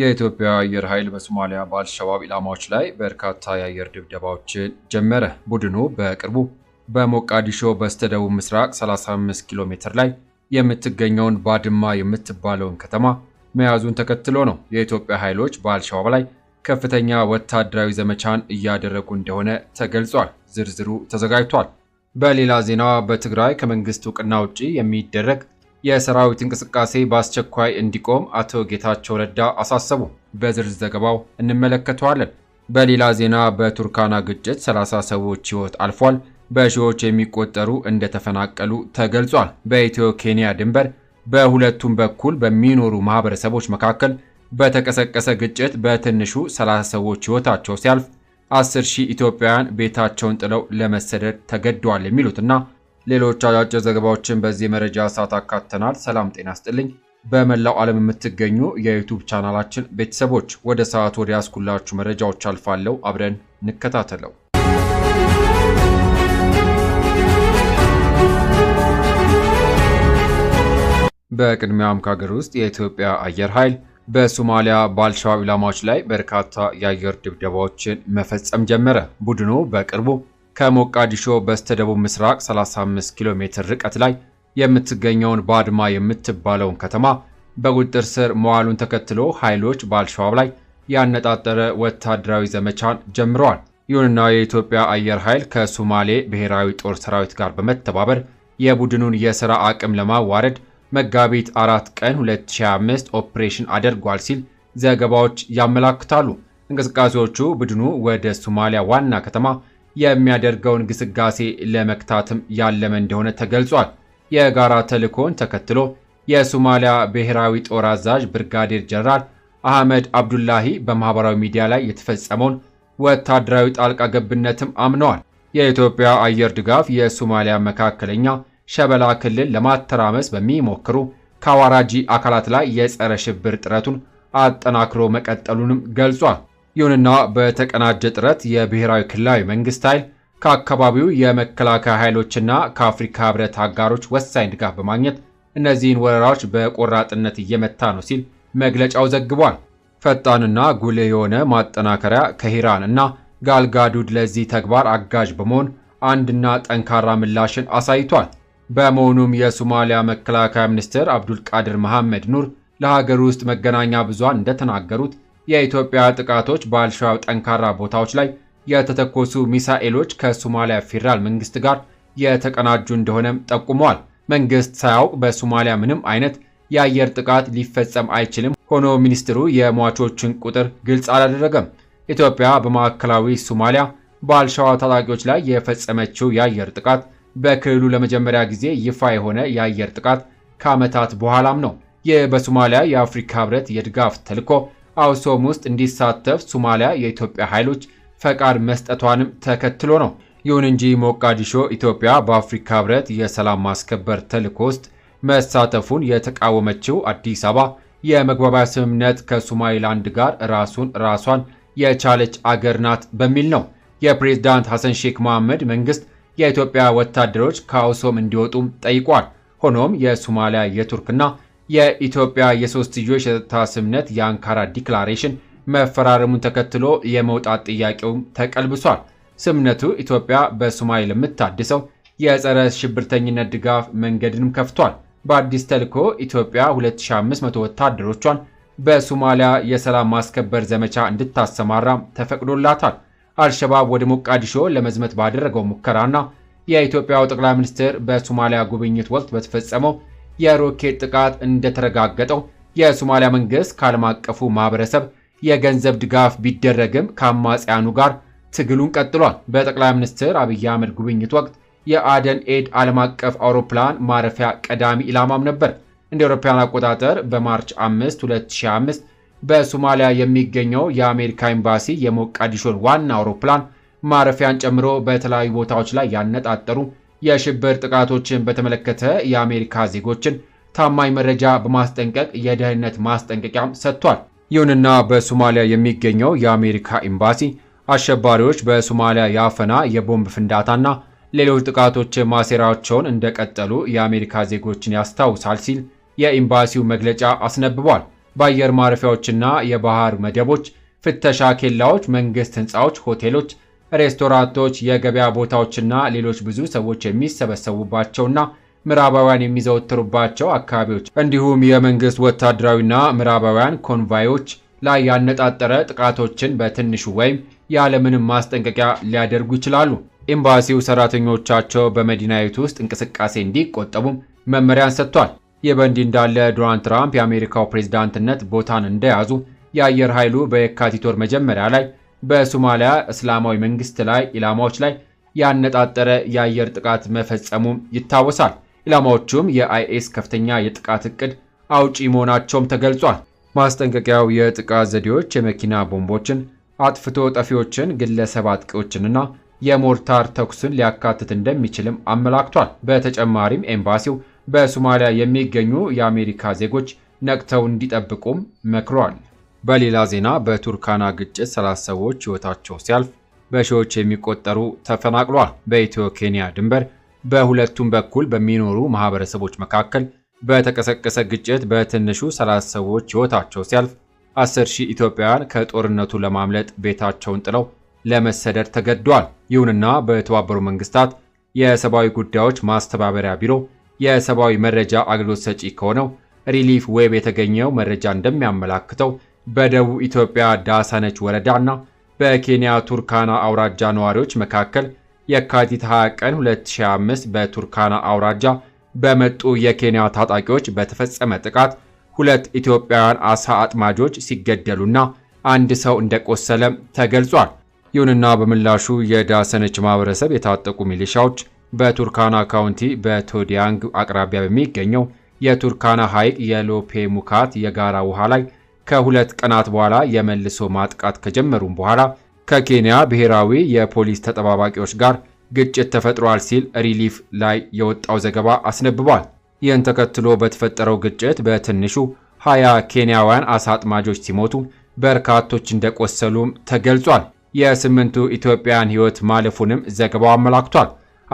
የኢትዮጵያ አየር ኃይል በሶማሊያ በአልሸባብ ኢላማዎች ላይ በርካታ የአየር ድብደባዎችን ጀመረ። ቡድኑ በቅርቡ በሞቃዲሾ በስተደቡብ ምስራቅ 35 ኪሎ ሜትር ላይ የምትገኘውን ባድማ የምትባለውን ከተማ መያዙን ተከትሎ ነው የኢትዮጵያ ኃይሎች በአልሸባብ ላይ ከፍተኛ ወታደራዊ ዘመቻን እያደረጉ እንደሆነ ተገልጿል። ዝርዝሩ ተዘጋጅቷል። በሌላ ዜና በትግራይ ከመንግስት እውቅና ውጪ የሚደረግ የሰራዊት እንቅስቃሴ በአስቸኳይ እንዲቆም አቶ ጌታቸው ረዳ አሳሰቡ። በዝርዝር ዘገባው እንመለከተዋለን። በሌላ ዜና በቱርካና ግጭት 30 ሰዎች ሕይወት አልፏል። በሺዎች የሚቆጠሩ እንደተፈናቀሉ ተገልጿል። በኢትዮ ኬንያ ድንበር በሁለቱም በኩል በሚኖሩ ማህበረሰቦች መካከል በተቀሰቀሰ ግጭት በትንሹ 30 ሰዎች ሕይወታቸው ሲያልፍ 10 ሺህ ኢትዮጵያውያን ቤታቸውን ጥለው ለመሰደድ ተገደዋል የሚሉትና ሌሎች አጫጭር ዘገባዎችን በዚህ መረጃ ሰዓት አካተናል። ሰላም ጤና ስጥልኝ። በመላው ዓለም የምትገኙ የዩቱብ ቻናላችን ቤተሰቦች ወደ ሰዓት ወደ ያስኩላችሁ መረጃዎች አልፋለሁ። አብረን እንከታተለው። በቅድሚያም ከሀገር ውስጥ የኢትዮጵያ አየር ኃይል በሶማሊያ በአልሸባብ ኢላማዎች ላይ በርካታ የአየር ድብደባዎችን መፈጸም ጀመረ። ቡድኑ በቅርቡ ከሞቃዲሾ በስተደቡብ ምስራቅ 35 ኪሎ ሜትር ርቀት ላይ የምትገኘውን ባድማ የምትባለውን ከተማ በቁጥጥር ስር መዋሉን ተከትሎ ኃይሎች በአልሸባብ ላይ ያነጣጠረ ወታደራዊ ዘመቻን ጀምረዋል። ይሁንና የኢትዮጵያ አየር ኃይል ከሶማሌ ብሔራዊ ጦር ሰራዊት ጋር በመተባበር የቡድኑን የሥራ አቅም ለማዋረድ መጋቢት አራት ቀን 2025 ኦፕሬሽን አድርጓል ሲል ዘገባዎች ያመላክታሉ። እንቅስቃሴዎቹ ቡድኑ ወደ ሶማሊያ ዋና ከተማ የሚያደርገውን ግስጋሴ ለመክታትም ያለመ እንደሆነ ተገልጿል። የጋራ ተልእኮውን ተከትሎ የሶማሊያ ብሔራዊ ጦር አዛዥ ብርጋዴር ጀነራል አህመድ አብዱላሂ በማኅበራዊ ሚዲያ ላይ የተፈጸመውን ወታደራዊ ጣልቃ ገብነትም አምነዋል። የኢትዮጵያ አየር ድጋፍ የሶማሊያ መካከለኛ ሸበላ ክልል ለማተራመስ በሚሞክሩ ከአዋራጂ አካላት ላይ የጸረ ሽብር ጥረቱን አጠናክሮ መቀጠሉንም ገልጿል። ይሁንና በተቀናጀ ጥረት የብሔራዊ ክልላዊ መንግስት ኃይል ከአካባቢው የመከላከያ ኃይሎችና ከአፍሪካ ህብረት አጋሮች ወሳኝ ድጋፍ በማግኘት እነዚህን ወረራዎች በቆራጥነት እየመታ ነው ሲል መግለጫው ዘግቧል። ፈጣንና ጉልህ የሆነ ማጠናከሪያ ከሂራን እና ጋልጋዱድ ለዚህ ተግባር አጋዥ በመሆን አንድና ጠንካራ ምላሽን አሳይቷል። በመሆኑም የሶማሊያ መከላከያ ሚኒስትር አብዱልቃድር መሐመድ ኑር ለሀገር ውስጥ መገናኛ ብዙሃን እንደተናገሩት የኢትዮጵያ ጥቃቶች በአልሸባብ ጠንካራ ቦታዎች ላይ የተተኮሱ ሚሳኤሎች ከሶማሊያ ፌዴራል መንግስት ጋር የተቀናጁ እንደሆነም ጠቁመዋል። መንግስት ሳያውቅ በሶማሊያ ምንም አይነት የአየር ጥቃት ሊፈጸም አይችልም። ሆኖ ሚኒስትሩ የሟቾችን ቁጥር ግልጽ አላደረገም። ኢትዮጵያ በማዕከላዊ ሶማሊያ በአልሸባብ ታጣቂዎች ላይ የፈጸመችው የአየር ጥቃት በክልሉ ለመጀመሪያ ጊዜ ይፋ የሆነ የአየር ጥቃት ከዓመታት በኋላም ነው። ይህ በሶማሊያ የአፍሪካ ህብረት የድጋፍ ተልዕኮ አውሶም ውስጥ እንዲሳተፍ ሱማሊያ የኢትዮጵያ ኃይሎች ፈቃድ መስጠቷንም ተከትሎ ነው። ይሁን እንጂ ሞቃዲሾ ኢትዮጵያ በአፍሪካ ህብረት የሰላም ማስከበር ተልኮ ውስጥ መሳተፉን የተቃወመችው አዲስ አበባ የመግባቢያ ስምምነት ከሶማሊላንድ ጋር ራሱን ራሷን የቻለች አገር ናት በሚል ነው። የፕሬዝዳንት ሐሰን ሼክ መሐመድ መንግስት የኢትዮጵያ ወታደሮች ከአውሶም እንዲወጡም ጠይቋል። ሆኖም የሶማሊያ የቱርክና የኢትዮጵያ የሶስትዮሽ የጸጥታ ስምምነት የአንካራ ዲክላሬሽን መፈራረሙን ተከትሎ የመውጣት ጥያቄውም ተቀልብሷል። ስምምነቱ ኢትዮጵያ በሶማሌ ለምታድሰው የጸረ ሽብርተኝነት ድጋፍ መንገድንም ከፍቷል። በአዲስ ተልዕኮ ኢትዮጵያ 2500 ወታደሮቿን በሶማሊያ የሰላም ማስከበር ዘመቻ እንድታሰማራ ተፈቅዶላታል። አልሸባብ ወደ ሞቃዲሾ ለመዝመት ባደረገው ሙከራና የኢትዮጵያው ጠቅላይ ሚኒስትር በሶማሊያ ጉብኝት ወቅት በተፈጸመው የሮኬት ጥቃት እንደተረጋገጠው የሶማሊያ መንግስት ከዓለም አቀፉ ማህበረሰብ የገንዘብ ድጋፍ ቢደረግም ከአማጽያኑ ጋር ትግሉን ቀጥሏል። በጠቅላይ ሚኒስትር አብይ አህመድ ጉብኝት ወቅት የአደን ኤድ ዓለም አቀፍ አውሮፕላን ማረፊያ ቀዳሚ ኢላማም ነበር። እንደ አውሮፓውያን አቆጣጠር በማርች 5 2005 በሶማሊያ የሚገኘው የአሜሪካ ኤምባሲ የሞቃዲሾን ዋና አውሮፕላን ማረፊያን ጨምሮ በተለያዩ ቦታዎች ላይ ያነጣጠሩ የሽብር ጥቃቶችን በተመለከተ የአሜሪካ ዜጎችን ታማኝ መረጃ በማስጠንቀቅ የደህንነት ማስጠንቀቂያም ሰጥቷል። ይሁንና በሶማሊያ የሚገኘው የአሜሪካ ኤምባሲ አሸባሪዎች በሶማሊያ የአፈና የቦምብ ፍንዳታና ሌሎች ጥቃቶች ማሴራቸውን እንደቀጠሉ የአሜሪካ ዜጎችን ያስታውሳል ሲል የኤምባሲው መግለጫ አስነብቧል። በአየር ማረፊያዎችና የባህር መደቦች፣ ፍተሻ ኬላዎች፣ መንግስት ህንፃዎች፣ ሆቴሎች ሬስቶራንቶች፣ የገበያ ቦታዎችና ሌሎች ብዙ ሰዎች የሚሰበሰቡባቸውና ምዕራባውያን የሚዘወትሩባቸው አካባቢዎች እንዲሁም የመንግስት ወታደራዊና ምዕራባውያን ኮንቫዮች ላይ ያነጣጠረ ጥቃቶችን በትንሹ ወይም ያለምንም ማስጠንቀቂያ ሊያደርጉ ይችላሉ። ኤምባሲው ሰራተኞቻቸው በመዲናይቱ ውስጥ እንቅስቃሴ እንዲቆጠቡም መመሪያን ሰጥቷል። ይህ በእንዲህ እንዳለ ዶናልድ ትራምፕ የአሜሪካው ፕሬዝዳንትነት ቦታን እንደያዙ የአየር ኃይሉ በየካቲት ወር መጀመሪያ ላይ በሶማሊያ እስላማዊ መንግስት ላይ ኢላማዎች ላይ ያነጣጠረ የአየር ጥቃት መፈጸሙም ይታወሳል። ኢላማዎቹም የአይኤስ ከፍተኛ የጥቃት እቅድ አውጪ መሆናቸውም ተገልጿል። ማስጠንቀቂያው የጥቃት ዘዴዎች የመኪና ቦምቦችን፣ አጥፍቶ ጠፊዎችን፣ ግለሰብ አጥቂዎችንና የሞርታር ተኩስን ሊያካትት እንደሚችልም አመላክቷል። በተጨማሪም ኤምባሲው በሶማሊያ የሚገኙ የአሜሪካ ዜጎች ነቅተው እንዲጠብቁም መክሯል። በሌላ ዜና በቱርካና ግጭት 30 ሰዎች ሕይወታቸው ሲያልፍ በሺዎች የሚቆጠሩ ተፈናቅሏል። በኢትዮ ኬንያ ድንበር በሁለቱም በኩል በሚኖሩ ማህበረሰቦች መካከል በተቀሰቀሰ ግጭት በትንሹ 30 ሰዎች ሕይወታቸው ሲያልፍ 10 ሺህ ኢትዮጵያውያን ከጦርነቱ ለማምለጥ ቤታቸውን ጥለው ለመሰደድ ተገደዋል። ይሁንና በተባበሩ መንግስታት የሰብአዊ ጉዳዮች ማስተባበሪያ ቢሮ የሰብአዊ መረጃ አገልግሎት ሰጪ ከሆነው ሪሊፍ ዌብ የተገኘው መረጃ እንደሚያመላክተው በደቡብ ኢትዮጵያ ዳሳነች ወረዳና በኬንያ ቱርካና አውራጃ ነዋሪዎች መካከል የካቲት 20 ቀን 2005 በቱርካና አውራጃ በመጡ የኬንያ ታጣቂዎች በተፈጸመ ጥቃት ሁለት ኢትዮጵያውያን አሳ አጥማጆች ሲገደሉና አንድ ሰው እንደቆሰለም ተገልጿል። ይሁንና በምላሹ የዳሰነች ማህበረሰብ የታጠቁ ሚሊሻዎች በቱርካና ካውንቲ በቶዲያንግ አቅራቢያ በሚገኘው የቱርካና ሐይቅ የሎፔ ሙካት የጋራ ውሃ ላይ ከሁለት ቀናት በኋላ የመልሶ ማጥቃት ከጀመሩም በኋላ ከኬንያ ብሔራዊ የፖሊስ ተጠባባቂዎች ጋር ግጭት ተፈጥሯል ሲል ሪሊፍ ላይ የወጣው ዘገባ አስነብቧል። ይህን ተከትሎ በተፈጠረው ግጭት በትንሹ 20 ኬንያውያን አሳ አጥማጆች ሲሞቱ በርካቶች እንደቆሰሉም ተገልጿል። የስምንቱ ኢትዮጵያውያን ሕይወት ማለፉንም ዘገባው አመላክቷል።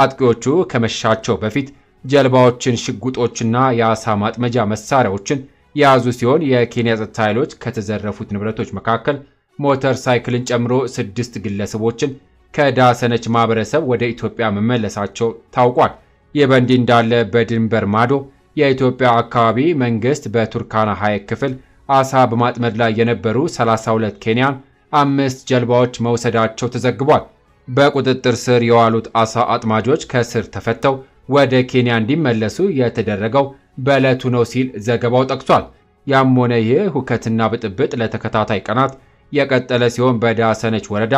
አጥቂዎቹ ከመሻቸው በፊት ጀልባዎችን፣ ሽጉጦችና የአሳ ማጥመጃ መሳሪያዎችን የያዙ ሲሆን የኬንያ ጸጥታ ኃይሎች ከተዘረፉት ንብረቶች መካከል ሞተር ሳይክልን ጨምሮ ስድስት ግለሰቦችን ከዳሰነች ማህበረሰብ ወደ ኢትዮጵያ መመለሳቸው ታውቋል። ይህ በእንዲህ እንዳለ በድንበር ማዶ የኢትዮጵያ አካባቢ መንግስት በቱርካና ሐይቅ ክፍል አሳ በማጥመድ ላይ የነበሩ 32 ኬንያን አምስት ጀልባዎች መውሰዳቸው ተዘግቧል። በቁጥጥር ስር የዋሉት አሳ አጥማጆች ከስር ተፈተው ወደ ኬንያ እንዲመለሱ የተደረገው በዕለቱ ነው ሲል ዘገባው ጠቅሷል። ያም ሆነ ይህ ሁከትና ብጥብጥ ለተከታታይ ቀናት የቀጠለ ሲሆን በዳሰነች ወረዳ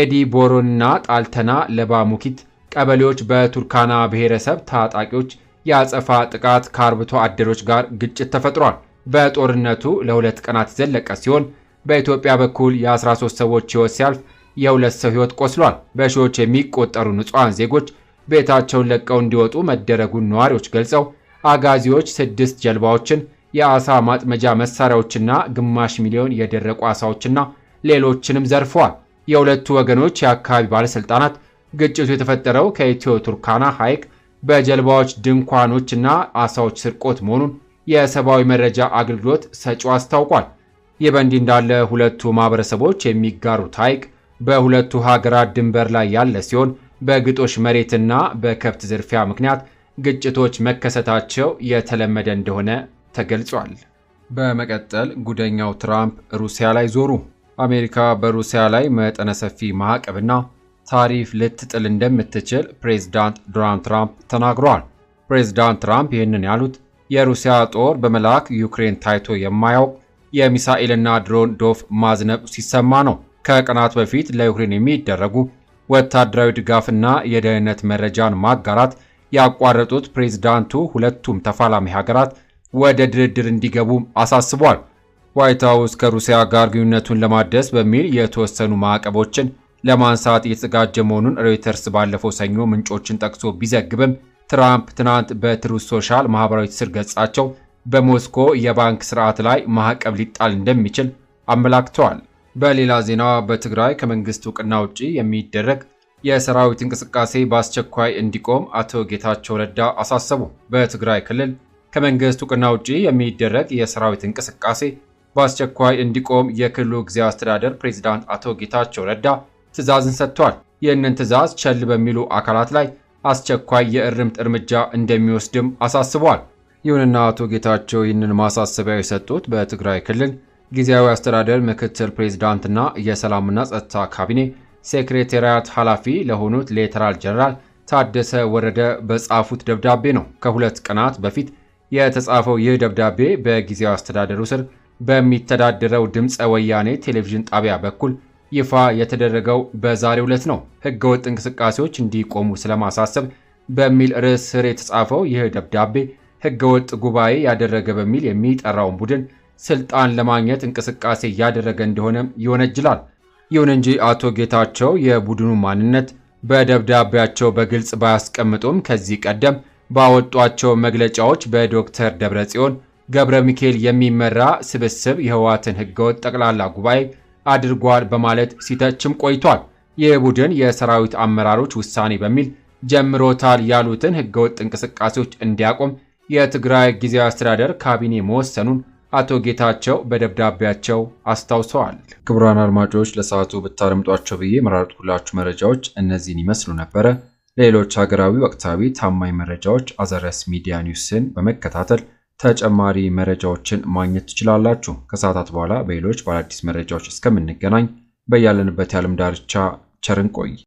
ኤዲ ቦሮንና ጣልተና ለባሙኪት ቀበሌዎች በቱርካና ብሔረሰብ ታጣቂዎች የአጸፋ ጥቃት ከአርብቶ አደሮች ጋር ግጭት ተፈጥሯል። በጦርነቱ ለሁለት ቀናት ዘለቀ ሲሆን በኢትዮጵያ በኩል የ13 ሰዎች ሕይወት ሲያልፍ የሁለት ሰው ሕይወት ቆስሏል። በሺዎች የሚቆጠሩ ንጹሐን ዜጎች ቤታቸውን ለቀው እንዲወጡ መደረጉን ነዋሪዎች ገልጸው አጋዚዎች ስድስት ጀልባዎችን የአሳ ማጥመጃ መሳሪያዎችና ግማሽ ሚሊዮን የደረቁ አሳዎችና ሌሎችንም ዘርፈዋል። የሁለቱ ወገኖች የአካባቢ ባለሥልጣናት ግጭቱ የተፈጠረው ከኢትዮ ቱርካና ሐይቅ በጀልባዎች ድንኳኖችና አሳዎች ስርቆት መሆኑን የሰብአዊ መረጃ አገልግሎት ሰጪው አስታውቋል። ይህ በእንዲህ እንዳለ ሁለቱ ማኅበረሰቦች የሚጋሩት ሐይቅ በሁለቱ ሀገራት ድንበር ላይ ያለ ሲሆን በግጦሽ መሬትና በከብት ዝርፊያ ምክንያት ግጭቶች መከሰታቸው የተለመደ እንደሆነ ተገልጿል። በመቀጠል ጉደኛው ትራምፕ ሩሲያ ላይ ዞሩ። አሜሪካ በሩሲያ ላይ መጠነ ሰፊ ማዕቀብና ታሪፍ ልትጥል እንደምትችል ፕሬዝዳንት ዶናልድ ትራምፕ ተናግረዋል። ፕሬዚዳንት ትራምፕ ይህንን ያሉት የሩሲያ ጦር በመላክ ዩክሬን ታይቶ የማያውቅ የሚሳኤልና ድሮን ዶፍ ማዝነብ ሲሰማ ነው። ከቀናት በፊት ለዩክሬን የሚደረጉ ወታደራዊ ድጋፍና የደህንነት መረጃን ማጋራት ያቋረጡት ፕሬዝዳንቱ ሁለቱም ተፋላሚ ሀገራት ወደ ድርድር እንዲገቡ አሳስቧል። ዋይት ሀውስ ከሩሲያ ጋር ግንኙነቱን ለማደስ በሚል የተወሰኑ ማዕቀቦችን ለማንሳት እየተዘጋጀ መሆኑን ሮይተርስ ባለፈው ሰኞ ምንጮችን ጠቅሶ ቢዘግብም ትራምፕ ትናንት በትሩዝ ሶሻል ማህበራዊ ትስስር ገጻቸው በሞስኮ የባንክ ስርዓት ላይ ማዕቀብ ሊጣል እንደሚችል አመላክተዋል። በሌላ ዜና በትግራይ ከመንግስት እውቅና ውጪ የሚደረግ የሰራዊት እንቅስቃሴ በአስቸኳይ እንዲቆም አቶ ጌታቸው ረዳ አሳሰቡ። በትግራይ ክልል ከመንግስት እውቅና ውጪ የሚደረግ የሰራዊት እንቅስቃሴ በአስቸኳይ እንዲቆም የክልሉ ጊዜያዊ አስተዳደር ፕሬዚዳንት አቶ ጌታቸው ረዳ ትዕዛዝን ሰጥቷል። ይህንን ትዕዛዝ ቸል በሚሉ አካላት ላይ አስቸኳይ የእርምት እርምጃ እንደሚወስድም አሳስቧል። ይሁንና አቶ ጌታቸው ይህንን ማሳሰቢያ የሰጡት በትግራይ ክልል ጊዜያዊ አስተዳደር ምክትል ፕሬዚዳንትና የሰላምና ጸጥታ ካቢኔ ሴክሬታሪያት ኃላፊ ለሆኑት ሌተናል ጀነራል ታደሰ ወረደ በጻፉት ደብዳቤ ነው። ከሁለት ቀናት በፊት የተጻፈው ይህ ደብዳቤ በጊዜያዊ አስተዳደሩ ስር በሚተዳደረው ድምፀ ወያኔ ቴሌቪዥን ጣቢያ በኩል ይፋ የተደረገው በዛሬው ዕለት ነው። ህገወጥ እንቅስቃሴዎች እንዲቆሙ ስለማሳሰብ በሚል ርዕስ ስር የተጻፈው ይህ ደብዳቤ ህገወጥ ጉባኤ ያደረገ በሚል የሚጠራውን ቡድን ስልጣን ለማግኘት እንቅስቃሴ እያደረገ እንደሆነም ይወነጅላል። ይሁን እንጂ አቶ ጌታቸው የቡድኑ ማንነት በደብዳቤያቸው በግልጽ ባያስቀምጡም ከዚህ ቀደም ባወጧቸው መግለጫዎች በዶክተር ደብረጽዮን ገብረ ሚካኤል የሚመራ ስብስብ የህወሓትን ህገወጥ ጠቅላላ ጉባኤ አድርጓል በማለት ሲተችም ቆይቷል። ይህ ቡድን የሰራዊት አመራሮች ውሳኔ በሚል ጀምሮታል ያሉትን ህገወጥ እንቅስቃሴዎች እንዲያቆም የትግራይ ጊዜያዊ አስተዳደር ካቢኔ መወሰኑን አቶ ጌታቸው በደብዳቤያቸው አስታውሰዋል። ክቡራን አድማጮች ለሰዓቱ ብታደምጧቸው ብዬ የመረጥኩላችሁ መረጃዎች እነዚህን ይመስሉ ነበረ። ሌሎች ሀገራዊ ወቅታዊ ታማኝ መረጃዎች አዘረስ ሚዲያ ኒውስን በመከታተል ተጨማሪ መረጃዎችን ማግኘት ትችላላችሁ። ከሰዓታት በኋላ በሌሎች በአዳዲስ መረጃዎች እስከምንገናኝ በያለንበት የዓለም ዳርቻ ቸርን ቆይ